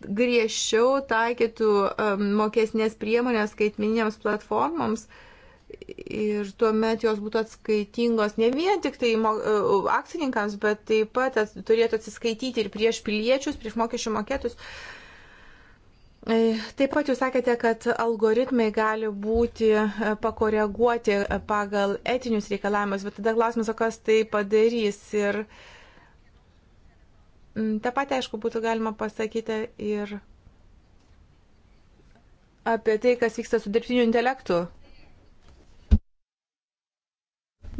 griežčiau taikytų um, mokesnės priemonės skaitminėms platformoms ir tuomet jos būtų atskaitingos ne vien tik tai uh, uh, akcininkams, bet taip pat turėtų atsiskaityti ir prieš piliečius, prieš mokesčių mokėtus. E, taip pat jūs sakėte, kad algoritmai gali būti e, pakoreguoti e, pagal etinius reikalavimus, bet tada klausimas, o kas tai padarys. Ir uh, Mm, Ta pati, aišku, būtų galima pasakyti ir apie tai, kas vyksta su dirbtiniu intelektu.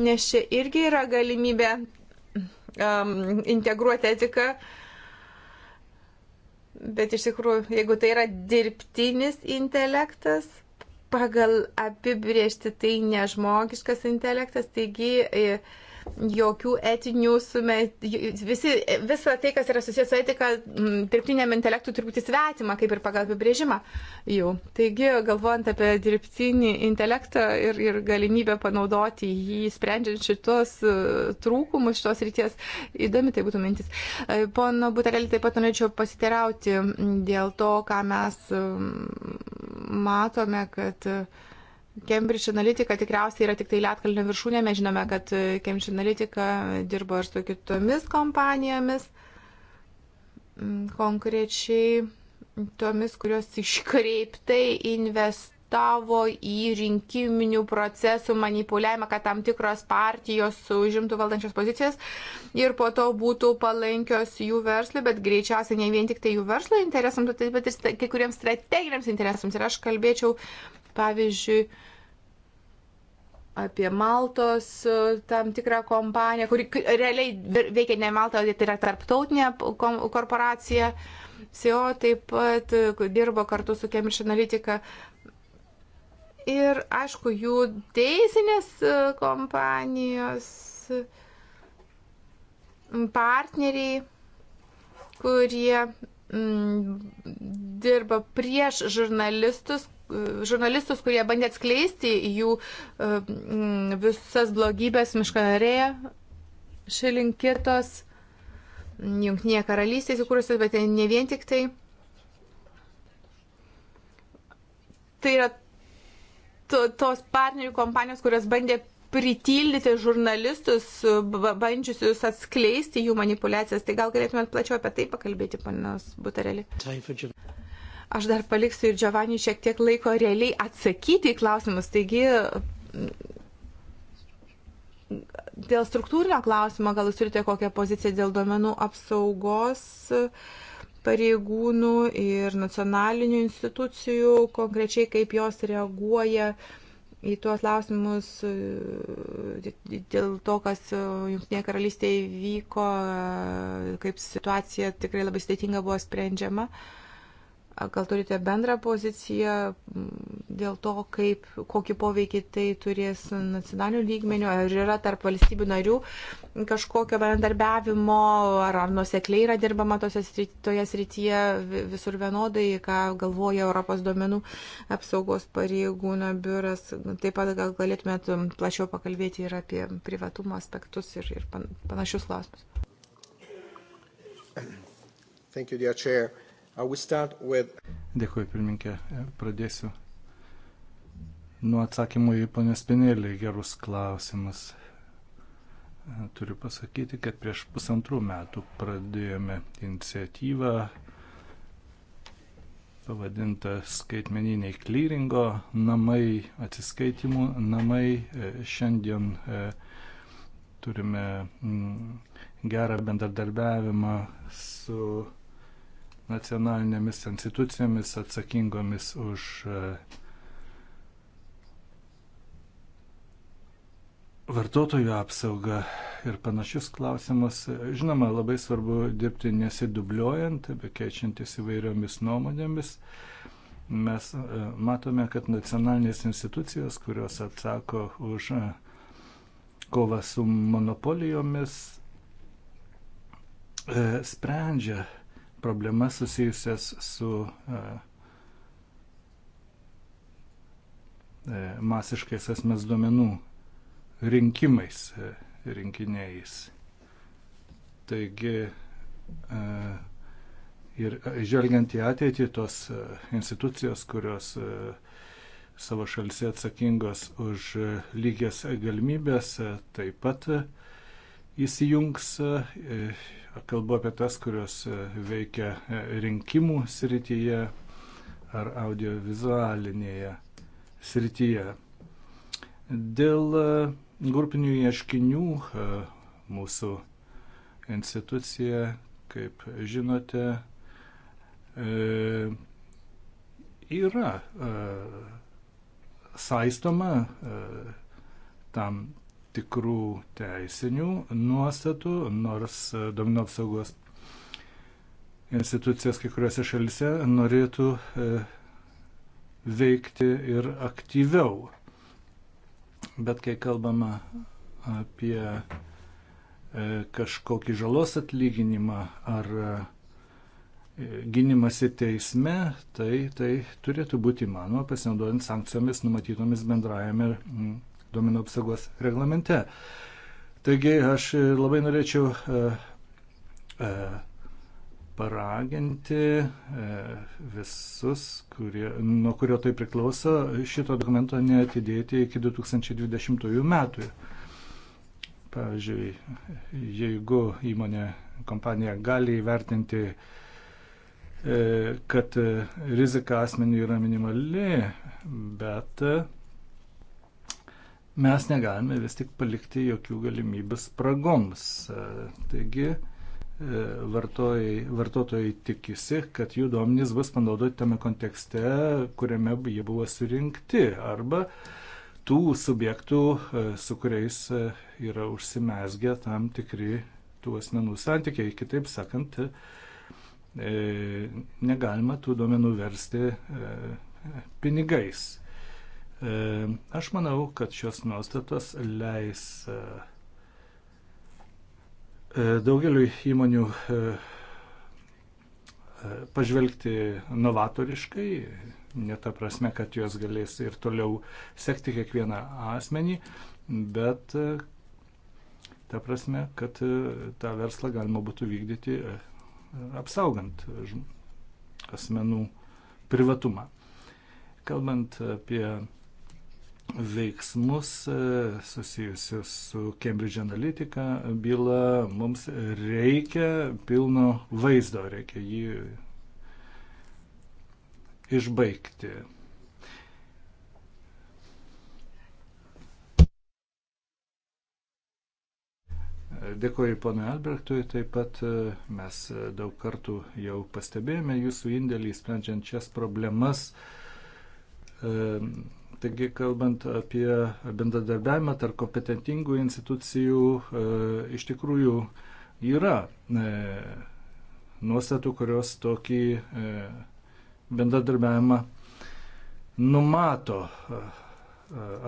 Nes čia irgi yra galimybė um, integruoti etiką. Bet iš tikrųjų, jeigu tai yra dirbtinis intelektas, pagal apibriežti tai nežmogiškas intelektas, taigi. E, jokių etinių sumet... Visi, visa tai, kas yra susijęs su etika, dirbtiniam intelektui turi būti svetima, kaip ir pagal apibrėžimą jau. Taigi, galvojant apie dirbtinį intelektą ir, ir galimybę panaudoti jį, sprendžiant šitos e, trūkumus, šitos ryties, įdomi tai būtų mintis. E, pono Butarelį taip pat norėčiau pasiterauti dėl to, ką mes matome, kad uh, Cambridge Analytica tikriausiai yra tik tai Lietkalnio viršūnė. Mes žinome, kad e, Cambridge Analytica dirbo ir su kitomis kompanijomis, mm, konkrečiai tomis, kurios iškreiptai investavo į rinkiminių procesų manipuliavimą, kad tam tikros partijos užimtų valdančias pozicijas ir po to būtų palankios jų verslui, bet greičiausiai ne vien tik tai jų verslo interesams, bet ir kai kuriems strateginiams interesams. Ir aš kalbėčiau, pavyzdžiui, apie Maltos e, tam tikrą kompaniją, kuri realiai veikia ne Maltoje, tai yra tarptautinė korporacija. SEO taip pat e, dirbo kartu su Cambridge Analytica. Ir aišku, jų teisinės e, kompanijos partneriai, kurie Mm, dirba prieš žurnalistus, e, žurnalistus, kurie bandė atskleisti jų e, mm, visas blogybės miškanarėje, šilinkitos, jungtinėje karalystėje įsikūrusios, bet tai ne vien tik tai. Tai yra tos partnerių kompanijos, kurios bandė pritildyti žurnalistus, bandžiusius atskleisti jų manipulacijas. Tai gal galėtumėt plačiau apie tai pakalbėti, panas Butarelį. Aš dar paliksiu ir Džiovanį šiek tiek laiko realiai atsakyti į klausimus. Taigi, dėl struktūrinio klausimo, gal jūs turite kokią poziciją dėl duomenų apsaugos pareigūnų ir nacionalinių institucijų, konkrečiai kaip jos reaguoja į tuos klausimus e, dėl to, kas e, Junktinėje karalystėje vyko, e, kaip situacija tikrai labai sudėtinga buvo sprendžiama. Uh, Gal turite bendrą poziciją mm, dėl to, kaip, kokį poveikį tai turės nacionalinių lygmenių, ar yra tarp valstybių narių kažkokio bendarbiavimo, ar, ar nusekliai yra dirbama srity, toje srityje visur vienodai, ką galvoja Europos duomenų apsaugos pareigūno biuras. Taip pat gal galėtumėt mm, plačiau pakalbėti ir apie privatumo aspektus ir, ir panašius klausimus. Thank you, dear chair. With... Dėkui, pirminkė. Pradėsiu nuo atsakymų į ponės Pinėlį gerus klausimus. Turiu pasakyti, kad prieš pusantrų metų pradėjome iniciatyvą pavadinta skaitmeniniai klyringo namai, atsiskaitimų namai. Šiandien e, turime mm, gerą bendradarbiavimą su nacionalinėmis institucijomis atsakingomis už e, vartotojų apsaugą ir panašius klausimus. Žinoma, labai svarbu dirbti nesidubliuojant, bekeičiantis įvairiomis nuomonėmis. Mes e, matome, kad nacionalinės institucijos, kurios atsako už e, kovą su monopolijomis, sprendžia problemas susijusias su e, e, masiškais asmens duomenų rinkimais, e, rinkiniais. Taigi ir žvelgiant į ateitį, tos institucijos, kurios savo šalise atsakingos už lygias galimybės, taip pat uh, įsijungs. E, kalbu apie tas, kurios e, veikia e, rinkimų srityje ar audiovizualinėje srityje. Dėl grupinių ieškinių mūsų institucija, kaip žinote, yra saistoma tam tikrų teisinių nuostatų, nors e, domino apsaugos institucijas kai kuriuose šalise norėtų e, veikti ir aktyviau. Bet kai kalbama apie e, kažkokį žalos atlyginimą ar gynimasi teisme, tai, tai turėtų būti įmanoma pasinaudojant sankcijomis numatytomis bendrajame duomenų apsaugos reglamente. Taigi aš labai norėčiau e, e, paraginti e, visus, kurie, nuo kurio tai priklauso, šito dokumento neatidėti iki 2020 metų. Pavyzdžiui, jeigu įmonė, kompanija gali įvertinti, kad rizika asmeniui yra minimali, bet mes negalime vis tik palikti jokių galimybių spragoms. E, taigi e, vartojai, vartotojai tikisi, kad jų duomenys bus panaudoti tame kontekste, kuriame jie buvo surinkti, arba tų subjektų, e, su kuriais yra užsimesgę tam tikri tų asmenų santykiai. Kitaip sakant, negalima tų duomenų versti pinigais. E, aš manau, kad šios nuostatos leis e, e, daugeliu įmonių pažvelgti novatoriškai, ne ta prasme, kad jos galės ir toliau sekti kiekvieną asmenį, bet ta prasme, kad tą verslą galima būtų vykdyti apsaugant asmenų privatumą. Kalbant apie veiksmus e, susijusius su Cambridge Analytica byla. Mums reikia pilno vaizdo, reikia jį išbaigti. Dėkoju ponui Albertui, taip pat e, mes daug kartų jau pastebėjome jūsų indėlį, sprendžiant šias problemas. E, Taigi, kalbant apie bendradarbiavimą tarp kompetentingų institucijų, e, iš tikrųjų yra e, nuostatų, kurios tokį e, bendradarbiavimą numato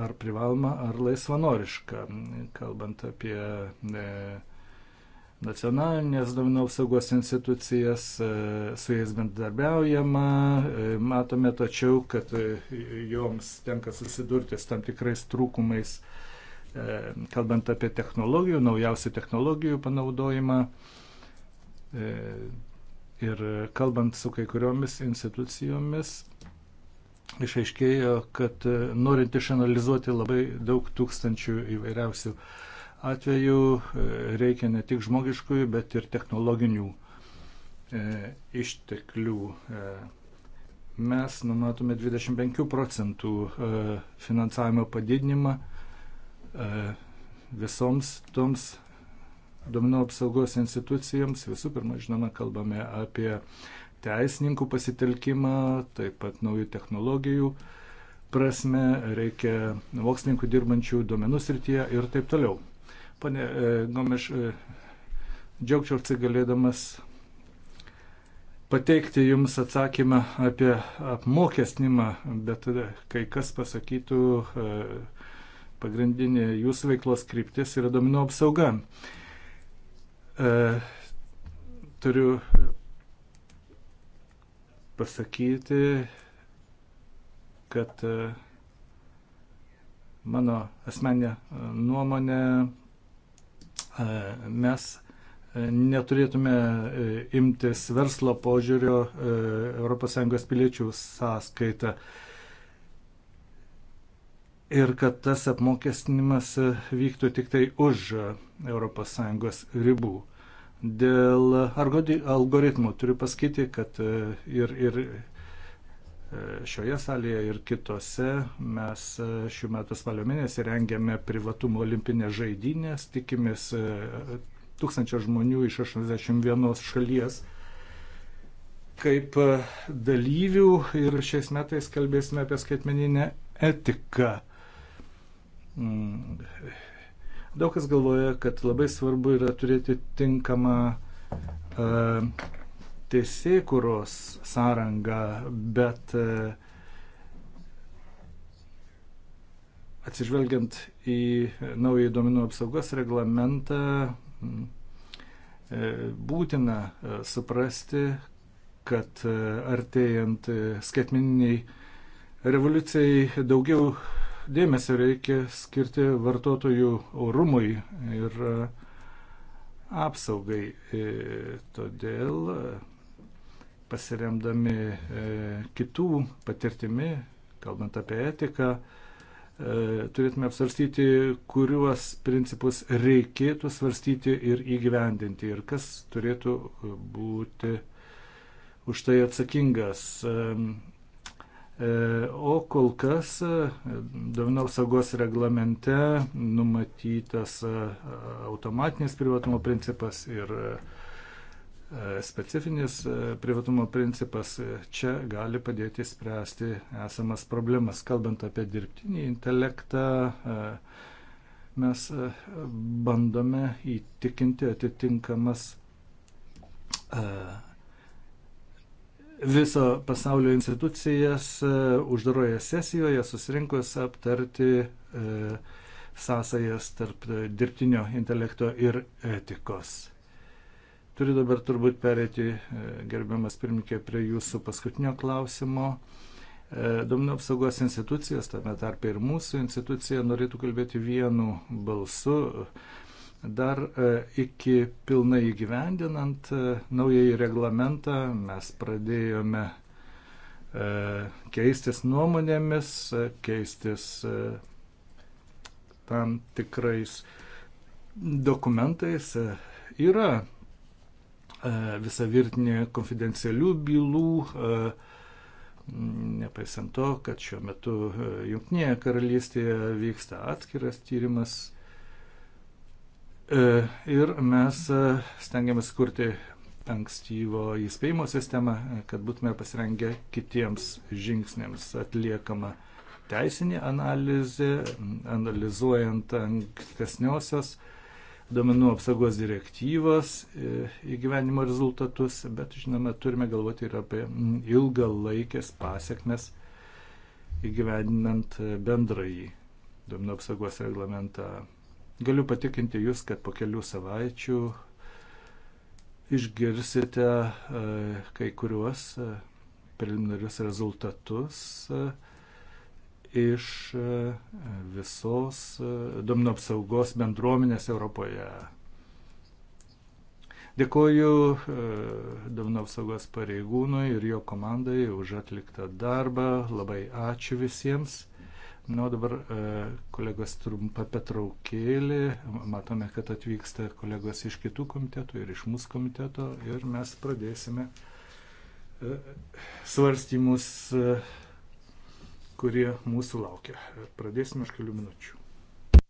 ar privaloma, ar laisvanoriška, kalbant apie nacionalinės duomenų apsaugos institucijas, e, su jais bendarbiaujama, e, matome tačiau, kad e, joms tenka susidurti su tam tikrais trūkumais, kalbant apie technologijų, naujausių technologijų panaudojimą. Ir kalbant su kai kuriomis institucijomis, išaiškėjo, kad norint išanalizuoti labai daug tūkstančių įvairiausių uh, atveju e, reikia ne tik žmogiškųjų, bet ir technologinių e, išteklių. E, mes numatome 25 procentų e, finansavimo padidinimą e, visoms toms duomenų apsaugos institucijoms. Visų pirma, žinoma, kalbame apie teisininkų pasitelkimą, taip pat naujų technologijų prasme, reikia mokslininkų dirbančių duomenų srityje ir taip toliau. Pane e, Gomeš, e, džiaugčiausi tai galėdamas pateikti Jums atsakymą apie apmokestinimą, bet e, kai kas pasakytų, pagrindinė Jūsų veiklos kryptis yra domino apsauga. Turiu pasakyti, kad mano asmenė nuomonė E, mes e, neturėtume e, imtis verslo požiūrio ES piliečių sąskaitą. Ir kad tas apmokestinimas vyktų tik tai už ES ribų. Dėl algoritmų turiu pasakyti, kad ir, ir šioje salėje ir kitose. Mes e, šių metų spalio mėnesį rengiame privatumo olimpinės žaidynės, tikimės e, tūkstančio žmonių iš 81 šalies kaip e, dalyvių ir šiais metais kalbėsime apie skaitmeninę etiką. Mm. Daug kas galvoja, kad labai svarbu yra turėti tinkamą uh, tiesėkuros sąrangą, bet e, atsižvelgiant į naują duomenų apsaugos reglamentą, e, būtina e, suprasti, kad artėjant skaitmeniniai revoliucijai daugiau dėmesio reikia skirti vartotojų orumui ir apsaugai. Todėl pasiremdami e, kitų patirtimi, kalbant apie etiką, e, turėtume apsvarstyti, kuriuos principus reikėtų svarstyti ir įgyvendinti ir kas turėtų e, būti už tai atsakingas. O kol kas duomenų apsaugos reglamente numatytas automatinis privatumo principas ir uh, specifinis e, privatumo principas e, čia gali padėti spręsti esamas problemas. Kalbant apie dirbtinį intelektą, e, mes bandome įtikinti atitinkamas viso pasaulio institucijas uždaroje sesijoje susirinkus aptarti sąsajas tarp dirbtinio intelekto ir etikos Turiu dabar turbūt perėti, e, gerbiamas pirmininkė, prie jūsų paskutinio klausimo. E, Domino apsaugos institucijos, tame tarpe ir mūsų institucija, norėtų kalbėti vienu balsu. Dar e, iki pilnai įgyvendinant naująjį reglamentą mes pradėjome keistis nuomonėmis, keistis tam tikrais dokumentais. Yra E, visa virtinė konfidencialių bylų, e, nepaisant to, kad šiuo metu e, Junktinėje karalystėje vyksta atskiras tyrimas. Ir mes stengiamės kurti ankstyvo įspėjimo sistemą, kad būtume pasirengę kitiems žingsniams atliekama teisinė analizė, analizuojant ankstesniosios uh, duomenų apsaugos direktyvos e, įgyvenimo rezultatus, bet žinoma, turime galvoti ir apie ilgalaikės pasiekmes įgyvendinant e, bendrąjį duomenų apsaugos reglamentą. Galiu patikinti Jūs, kad po kelių savaičių išgirsite e, kai kuriuos preliminarius rezultatus. E, iš e, visos e, domino apsaugos bendruomenės Europoje. Dėkoju e, domino apsaugos pareigūnui ir jo komandai už atliktą darbą. Labai ačiū visiems. Na, nu, dabar kolegos trumpa petraukėlį. Matome, kad atvyksta kolegos iš kitų komitetų ir iš mūsų komiteto ir mes pradėsime svarstymus kurie mūsų laukia. Pradėsime iš kelių minučių.